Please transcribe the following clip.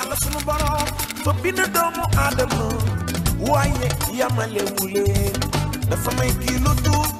yàlla sunu borom ba bind doomu aadama waaye yamalewuleen dafa may kii lu tuut